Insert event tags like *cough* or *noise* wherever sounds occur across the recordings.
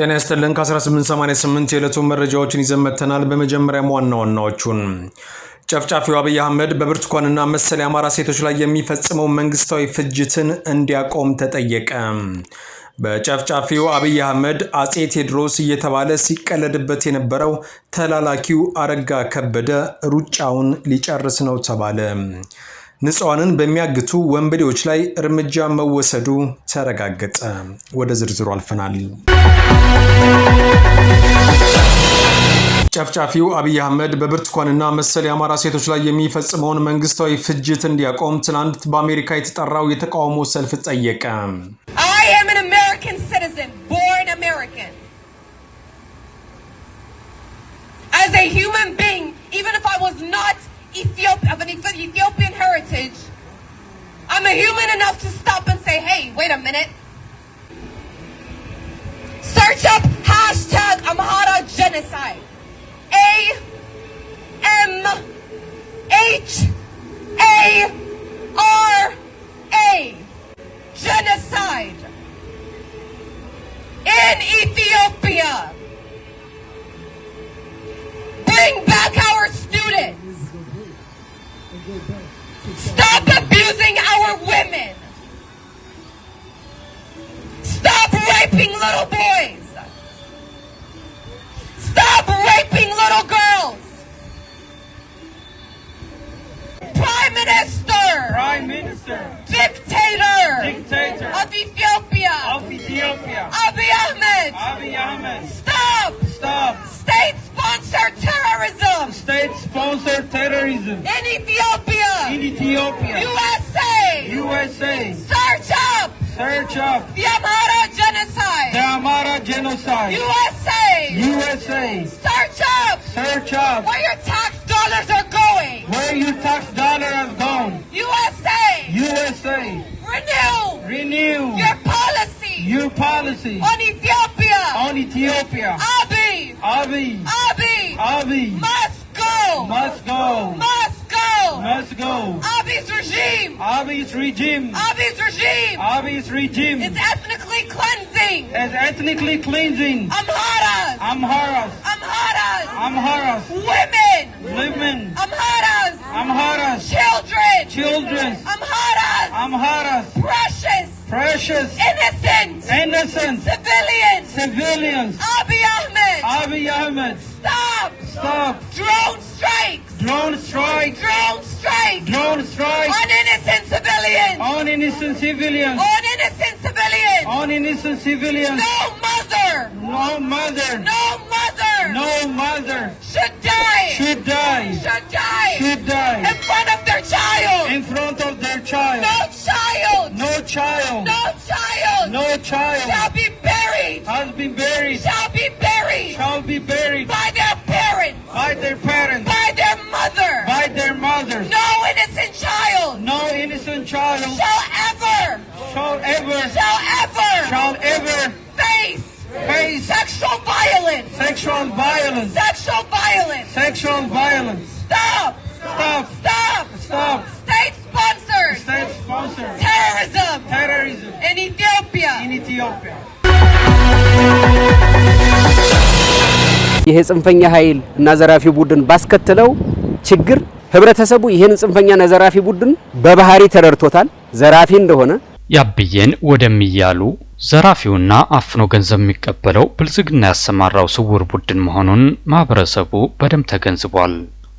ጤና ይስጥልን ከ1888 የዕለቱ መረጃዎችን ይዘን መጥተናል። በመጀመሪያም ዋና ዋናዎቹን ጨፍጫፊው አብይ አህመድ በብርቱካንና መሰል የአማራ ሴቶች ላይ የሚፈጽመው መንግስታዊ ፍጅትን እንዲያቆም ተጠየቀ። በጨፍጫፊው አብይ አህመድ አጼ ቴዎድሮስ እየተባለ ሲቀለድበት የነበረው ተላላኪው አረጋ ከበደ ሩጫውን ሊጨርስ ነው ተባለ። ንጹሐንን በሚያግቱ ወንበዴዎች ላይ እርምጃ መወሰዱ ተረጋገጠ። ወደ ዝርዝሩ አልፈናል። ጨፍጫፊው አብይ አህመድ በብርቱካንና መሰል የአማራ ሴቶች ላይ የሚፈጽመውን መንግስታዊ ፍጅት እንዲያቆም ትናንት በአሜሪካ የተጠራው የተቃውሞ ሰልፍ ጠየቀ። ኢትዮጵያን ሄሪቴጅ Search up hashtag Amhara genocide. A M H A USA. USA. USA. Search up. Search up. Where your tax dollars are going. Where your tax dollars are going. USA. USA. Renew. Renew. Your policy. Your policy. On Ethiopia. On Ethiopia. Abi. Abi. Abi. Abi. Must go. Must go. Must go. Must go. Abi's regime. Abiy's regime. Abiy's regime. Abiy's regime. It's ethnically cleansing. It's ethnically cleansing. Amharas. Amharas. Amharas. Amharas. Women. Women. Amharas. Amharas. Children. Children. Amharas. Amharas. Precious. Precious. Innocent. Innocent. Civilians. Civilians. Abiy Ahmed. Abiy Ahmed. Stop. Stop. Drug civilians. On innocent civilians. On innocent civilians. On innocent civilians. No mother. No mother. No mother. No mother. Should die. Should die. Should die. Should die. In front of their child. In front of their child. No child. No child. No child. No child. Shall be buried. Has been buried. Shall be buried. Shall be buried. By their parents. By their parents. By their mother. By their mother. No and child shall ever, shall ever, shall ever, shall ever face, face sexual violence, sexual violence, sexual violence, sexual violence. Stop, stop, stop, stop. State sponsored, state sponsored terrorism, terrorism in Ethiopia, in Ethiopia. ይሄ ጽንፈኛ ኃይል እና ዘራፊው ቡድን ባስከተለው ችግር ህብረተሰቡ ይህን ጽንፈኛና ዘራፊ ቡድን በባህሪ ተረድቶታል፣ ዘራፊ እንደሆነ ያብዬን ወደሚያሉ ዘራፊውና አፍኖ ገንዘብ የሚቀበለው ብልጽግና ያሰማራው ስውር ቡድን መሆኑን ማህበረሰቡ በደንብ ተገንዝቧል።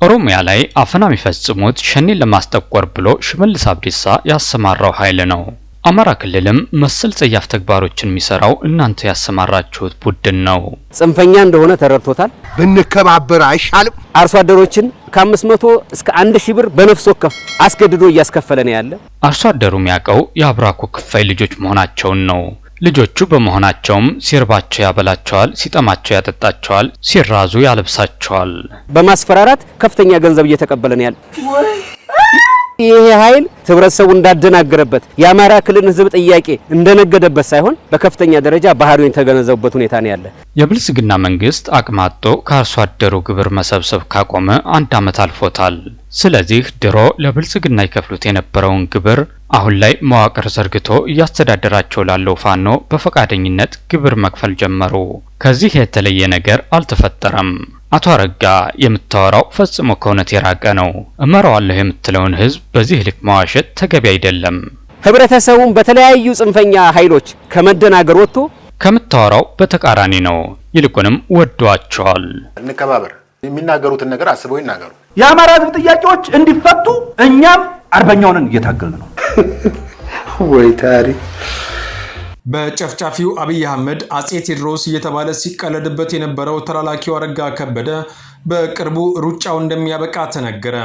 ኦሮሚያ ላይ አፈና የሚፈጽሙት ሸኔን ለማስጠቆር ብሎ ሽመልስ አብዲሳ ያሰማራው ኃይል ነው። አማራ ክልልም መሰል ጸያፍ ተግባሮችን የሚሰራው እናንተ ያሰማራችሁት ቡድን ነው። ጽንፈኛ እንደሆነ ተረድቶታል። ብንከባበር አይሻልም? አርሶ አደሮችን ከ500 እስከ 1000 ብር በነፍስ ወከፍ አስገድዶ እያስከፈለ ነው ያለ። አርሶ አደሩ የሚያውቀው የአብራኩ ክፋይ ልጆች መሆናቸውን ነው። ልጆቹ በመሆናቸውም ሲርባቸው ያበላቸዋል፣ ሲጠማቸው ያጠጣቸዋል፣ ሲራዙ ያለብሳቸዋል። በማስፈራራት ከፍተኛ ገንዘብ እየተቀበለ ነው ያለ ይሄ ኃይል ህብረተሰቡ እንዳደናገረበት የአማራ ክልል ህዝብ ጥያቄ እንደነገደበት ሳይሆን በከፍተኛ ደረጃ ባህሪውን የተገነዘቡበት ሁኔታ ነው ያለ። የብልጽግና መንግስት አቅማጦ ከአርሶ አደሩ ግብር መሰብሰብ ካቆመ አንድ ዓመት አልፎታል። ስለዚህ ድሮ ለብልጽግና ይከፍሉት የነበረውን ግብር አሁን ላይ መዋቅር ዘርግቶ እያስተዳደራቸው ላለው ፋኖ በፈቃደኝነት ግብር መክፈል ጀመሩ። ከዚህ የተለየ ነገር አልተፈጠረም። አቶ አረጋ የምታወራው ፈጽሞ ከእውነት የራቀ ነው። እመራዋለሁ የምትለውን ህዝብ በዚህ ልክ መዋሸት ተገቢ አይደለም። ህብረተሰቡም በተለያዩ ጽንፈኛ ኃይሎች ከመደናገር ወጥቶ ከምታወራው በተቃራኒ ነው። ይልቁንም ወዷቸዋል። እንከባበር። የሚናገሩትን ነገር አስበው ይናገሩ። የአማራ ህዝብ ጥያቄዎች እንዲፈቱ እኛም አርበኛውንን እየታገልን ነው። *laughs* ወይ ታሪክ በጨፍጫፊው አብይ አህመድ አጼ ቴዎድሮስ እየተባለ ሲቀለድበት የነበረው ተላላኪው አረጋ ከበደ በቅርቡ ሩጫው እንደሚያበቃ ተነገረ።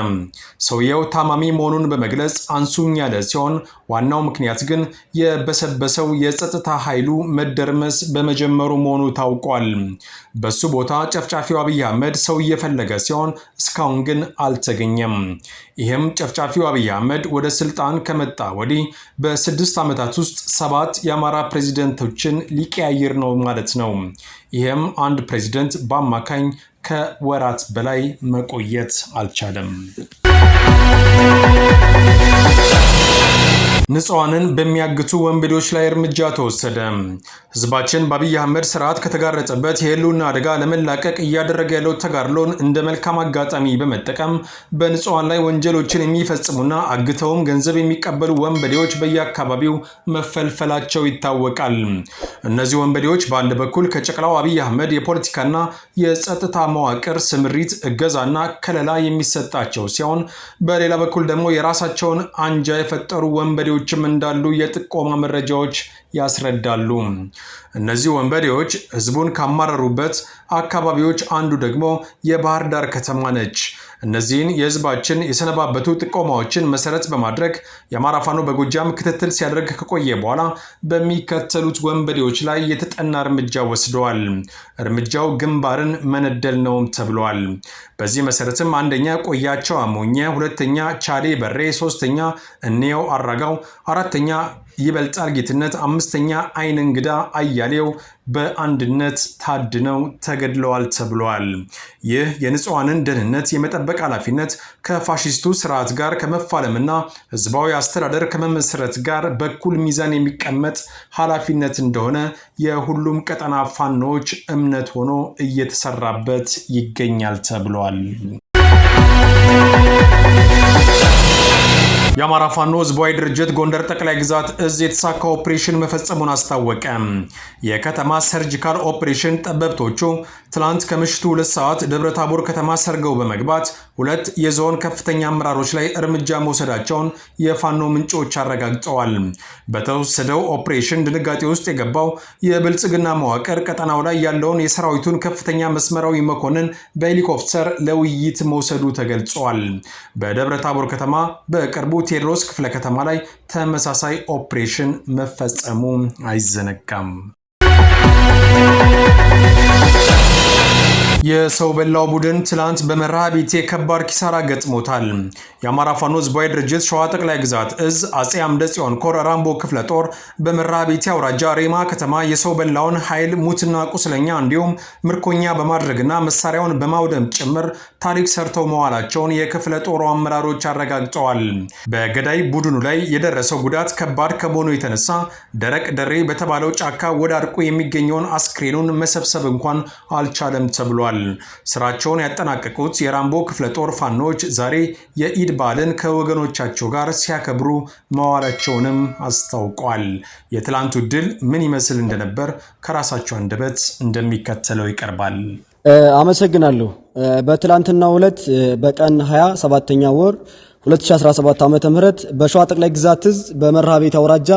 ሰውየው ታማሚ መሆኑን በመግለጽ አንሱኝ ያለ ሲሆን ዋናው ምክንያት ግን የበሰበሰው የጸጥታ ኃይሉ መደርመስ በመጀመሩ መሆኑ ታውቋል። በሱ ቦታ ጨፍጫፊው አብይ አህመድ ሰው እየፈለገ ሲሆን እስካሁን ግን አልተገኘም። ይህም ጨፍጫፊው አብይ አህመድ ወደ ስልጣን ከመጣ ወዲህ በስድስት ዓመታት ውስጥ ሰባት የአማራ ፕሬዚደንቶችን ሊቀያይር ነው ማለት ነው። ይህም አንድ ፕሬዚደንት በአማካኝ ከወራት በላይ መቆየት አልቻለም። ንጹሐንን በሚያግቱ ወንበዴዎች ላይ እርምጃ ተወሰደ። ህዝባችን በአብይ አህመድ ስርዓት ከተጋረጠበት የህልውና አደጋ ለመላቀቅ እያደረገ ያለው ተጋድሎን እንደ መልካም አጋጣሚ በመጠቀም በንጹሐን ላይ ወንጀሎችን የሚፈጽሙና አግተውም ገንዘብ የሚቀበሉ ወንበዴዎች በየአካባቢው መፈልፈላቸው ይታወቃል። እነዚህ ወንበዴዎች በአንድ በኩል ከጨቅላው አብይ አህመድ የፖለቲካና የጸጥታ መዋቅር ስምሪት፣ እገዛና ከለላ የሚሰጣቸው ሲሆን በሌላ በኩል ደግሞ የራሳቸውን አንጃ የፈጠሩ ወንበዴዎች ወንበዴዎችም እንዳሉ የጥቆማ መረጃዎች ያስረዳሉ። እነዚህ ወንበዴዎች ህዝቡን ካማረሩበት አካባቢዎች አንዱ ደግሞ የባህር ዳር ከተማ ነች። እነዚህን የህዝባችን የሰነባበቱ ጥቆማዎችን መሰረት በማድረግ የአማራ ፋኖ በጎጃም ክትትል ሲያደርግ ከቆየ በኋላ በሚከተሉት ወንበዴዎች ላይ የተጠና እርምጃ ወስደዋል። እርምጃው ግንባርን መነደል ነው ተብሏል። በዚህ መሰረትም አንደኛ ቆያቸው አሞኘ፣ ሁለተኛ ቻሌ በሬ፣ ሶስተኛ እንየው አራጋው፣ አራተኛ ይበልጣል ጌትነት፣ አምስተኛ አይን እንግዳ አያሌው በአንድነት ታድነው ተገድለዋል ተብለዋል። ይህ የንጹሐንን ደህንነት የመጠበቅ ኃላፊነት ከፋሽስቱ ስርዓት ጋር ከመፋለምና ህዝባዊ አስተዳደር ከመመስረት ጋር በኩል ሚዛን የሚቀመጥ ኃላፊነት እንደሆነ የሁሉም ቀጠና ፋኖዎች እምነት ሆኖ እየተሰራበት ይገኛል ተብሏል። የአማራ ፋኖ ህዝባዊ ድርጅት ጎንደር ጠቅላይ ግዛት እዝ የተሳካ ኦፕሬሽን መፈጸሙን አስታወቀ። የከተማ ሰርጂካል ኦፕሬሽን ጠበብቶቹ ትላንት ከምሽቱ ሁለት ሰዓት ደብረ ታቦር ከተማ ሰርገው በመግባት ሁለት የዞን ከፍተኛ አመራሮች ላይ እርምጃ መውሰዳቸውን የፋኖ ምንጮች አረጋግጠዋል። በተወሰደው ኦፕሬሽን ድንጋጤ ውስጥ የገባው የብልጽግና መዋቅር ቀጠናው ላይ ያለውን የሰራዊቱን ከፍተኛ መስመራዊ መኮንን በሄሊኮፕተር ለውይይት መውሰዱ ተገልጿል። በደብረ ታቦር ከተማ በቅርቡ ቴዎድሮስ ክፍለ ከተማ ላይ ተመሳሳይ ኦፕሬሽን መፈጸሙ አይዘነጋም። የሰው በላው ቡድን ትላንት በመርሃ ቤቴ ከባድ ኪሳራ ገጥሞታል። የአማራ ፋኖ ህዝባዊ ድርጅት ሸዋ ጠቅላይ ግዛት እዝ አጼ አምደ ጽዮን ኮር ራምቦ ክፍለ ጦር በመርሃ ቤቴ አውራጃ ሬማ ከተማ የሰው በላውን ኃይል ሙትና ቁስለኛ እንዲሁም ምርኮኛ በማድረግና መሳሪያውን በማውደም ጭምር ታሪክ ሰርተው መዋላቸውን የክፍለ ጦሩ አመራሮች አረጋግጠዋል። በገዳይ ቡድኑ ላይ የደረሰው ጉዳት ከባድ ከመሆኑ የተነሳ ደረቅ ደሬ በተባለው ጫካ ወደ አርቆ የሚገኘውን አስክሬኑን መሰብሰብ እንኳን አልቻለም ተብሏል። ተናግረዋል። ስራቸውን ያጠናቀቁት የራምቦ ክፍለ ጦር ፋኖች ዛሬ የኢድ በዓልን ከወገኖቻቸው ጋር ሲያከብሩ መዋላቸውንም አስታውቋል። የትላንቱ ድል ምን ይመስል እንደነበር ከራሳቸው አንደበት እንደሚከተለው ይቀርባል። አመሰግናለሁ። በትላንትናው ዕለት በቀን 27ኛ ወር 2017 ም በሸዋ ጠቅላይ ግዛት እዝ በመርሃቤት አውራጃ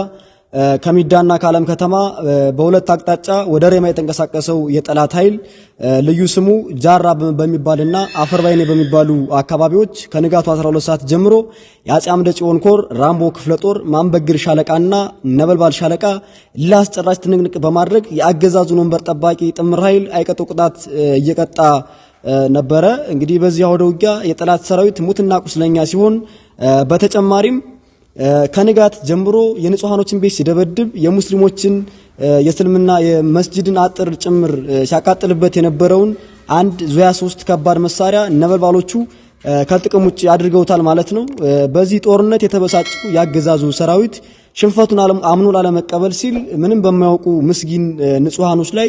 ከሚዳና ከአለም ከተማ በሁለት አቅጣጫ ወደ ሬማ የተንቀሳቀሰው የጠላት ኃይል ልዩ ስሙ ጃራ በሚባልና አፈርባይኔ በሚባሉ አካባቢዎች ከንጋቱ 12 ሰዓት ጀምሮ የአፄ አምደ ጽዮን ኮር ራምቦ ክፍለ ጦር ማንበግር ሻለቃና ነበልባል ሻለቃ ለአስጨራሽ ትንቅንቅ በማድረግ የአገዛዙን ወንበር ጠባቂ ጥምር ኃይል አይቀጡ ቅጣት እየቀጣ ነበረ። እንግዲህ በዚህ አውደ ውጊያ የጠላት ሰራዊት ሙትና ቁስለኛ ሲሆን በተጨማሪም ከንጋት ጀምሮ የንጹሃኖችን ቤት ሲደበድብ የሙስሊሞችን የእስልምና የመስጅድን አጥር ጭምር ሲያቃጥልበት የነበረውን አንድ ዙያ ሶስት ከባድ መሳሪያ ነበልባሎቹ ከጥቅም ውጭ አድርገውታል ማለት ነው። በዚህ ጦርነት የተበሳጩ ያገዛዙ ሰራዊት ሽንፈቱን አምኖ ላለመቀበል ሲል ምንም በማያውቁ ምስጊን ንጹሃኖች ላይ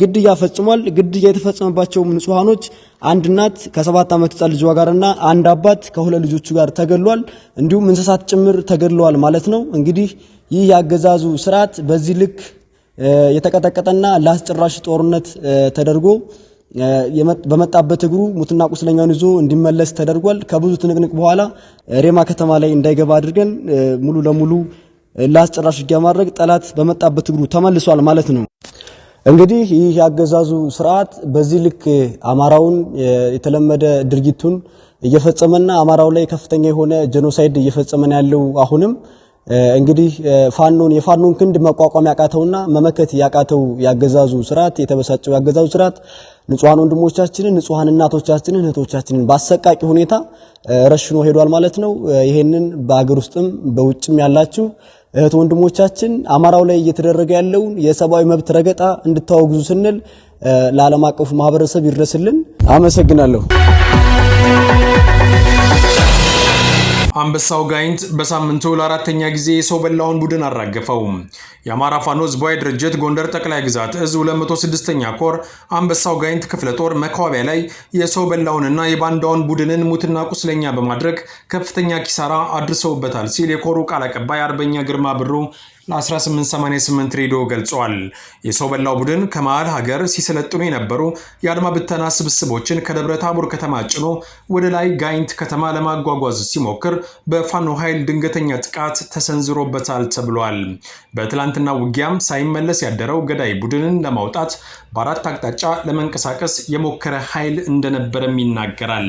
ግድያ ፈጽሟል። ግድያ የተፈጸመባቸው ንጹሃኖች አንድ እናት ከሰባት ዓመት ህጻን ልጇ ጋርና አንድ አባት ከሁለት ልጆቹ ጋር ተገድሏል። እንዲሁም እንስሳት ጭምር ተገድለዋል ማለት ነው። እንግዲህ ይህ የአገዛዙ ስርዓት በዚህ ልክ የተቀጠቀጠና ለአስጨራሽ ጦርነት ተደርጎ በመጣበት እግሩ ሙትና ቁስለኛውን ይዞ እንዲመለስ ተደርጓል። ከብዙ ትንቅንቅ በኋላ ሬማ ከተማ ላይ እንዳይገባ አድርገን ሙሉ ለሙሉ ለአስጨራሽ ውጊያ ማድረግ ጠላት በመጣበት እግሩ ተመልሷል ማለት ነው። እንግዲህ ይህ የአገዛዙ ስርዓት በዚህ ልክ አማራውን የተለመደ ድርጊቱን እየፈጸመና አማራው ላይ ከፍተኛ የሆነ ጀኖሳይድ እየፈጸመን ያለው አሁንም እንግዲህ ፋኖን የፋኖን ክንድ መቋቋም ያቃተውና መመከት ያቃተው ያገዛዙ ስርዓት የተበሳጨው ያገዛዙ ስርዓት ንጹሃን ወንድሞቻችንን ንጹሃን እናቶቻችንን እህቶቻችንን በአሰቃቂ ሁኔታ ረሽኖ ሄዷል ማለት ነው። ይሄንን በአገር ውስጥም በውጭም ያላችሁ እህት ወንድሞቻችን አማራው ላይ እየተደረገ ያለውን የሰብአዊ መብት ረገጣ እንድታወግዙ ስንል ለዓለም አቀፉ ማህበረሰብ ይድረስልን። አመሰግናለሁ። አንበሳው ጋይንት በሳምንቱ ለአራተኛ ጊዜ የሰው በላውን ቡድን አራገፈው። የአማራ ፋኖ ህዝባዊ ድርጅት ጎንደር ጠቅላይ ግዛት እዝ 26 ኛ ኮር አንበሳው ጋይንት ክፍለ ጦር መካባቢያ ላይ የሰው በላውንና የባንዳውን ቡድንን ሙትና ቁስለኛ በማድረግ ከፍተኛ ኪሳራ አድርሰውበታል ሲል የኮሩ ቃል አቀባይ አርበኛ ግርማ ብሩ ለ1888 ሬዲዮ ገልጿል። የሰው በላው ቡድን ከመሃል ሀገር ሲሰለጥኑ የነበሩ የአድማ ብተና ስብስቦችን ከደብረ ታቦር ከተማ ጭኖ ወደ ላይ ጋይንት ከተማ ለማጓጓዝ ሲሞክር በፋኖ ኃይል ድንገተኛ ጥቃት ተሰንዝሮበታል ተብሏል። በትላንትና ውጊያም ሳይመለስ ያደረው ገዳይ ቡድንን ለማውጣት በአራት አቅጣጫ ለመንቀሳቀስ የሞከረ ኃይል እንደነበረም ይናገራል።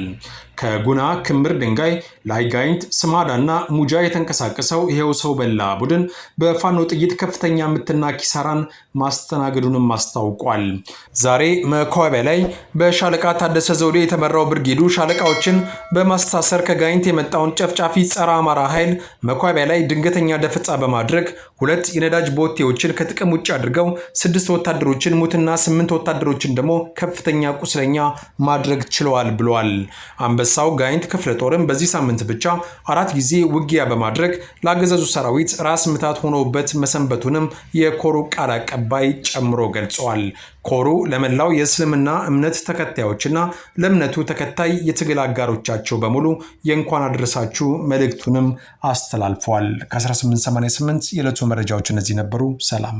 ከጉና ክምር ድንጋይ ላይጋይንት ስማዳና ሙጃ የተንቀሳቀሰው ይሄው ሰው በላ ቡድን በፋኖ ጥይት ከፍተኛ ምትና ኪሳራን ማስተናገዱንም አስታውቋል። ዛሬ መኳቢያ ላይ በሻለቃ ታደሰ ዘውዴ የተመራው ብርጌዱ ሻለቃዎችን በማስታሰር ከጋይንት የመጣውን ጨፍጫፊ ጸረ አማራ ኃይል መኳቢያ ላይ ድንገተኛ ደፈጻ በማድረግ ሁለት የነዳጅ ቦቴዎችን ከጥቅም ውጭ አድርገው ስድስት ወታደሮችን ሙትና ስምንት ወታደሮችን ደግሞ ከፍተኛ ቁስለኛ ማድረግ ችለዋል ብሏል። የተነሳው ጋይንት ክፍለ ጦርም በዚህ ሳምንት ብቻ አራት ጊዜ ውጊያ በማድረግ ለአገዛዙ ሰራዊት ራስ ምታት ሆኖበት መሰንበቱንም የኮሩ ቃል አቀባይ ጨምሮ ገልጸዋል። ኮሩ ለመላው የእስልምና እምነት ተከታዮችና ለእምነቱ ተከታይ የትግል አጋሮቻቸው በሙሉ የእንኳን አድረሳችሁ መልእክቱንም አስተላልፏል ከ ከ1888 የዕለቱ መረጃዎች እነዚህ ነበሩ። ሰላም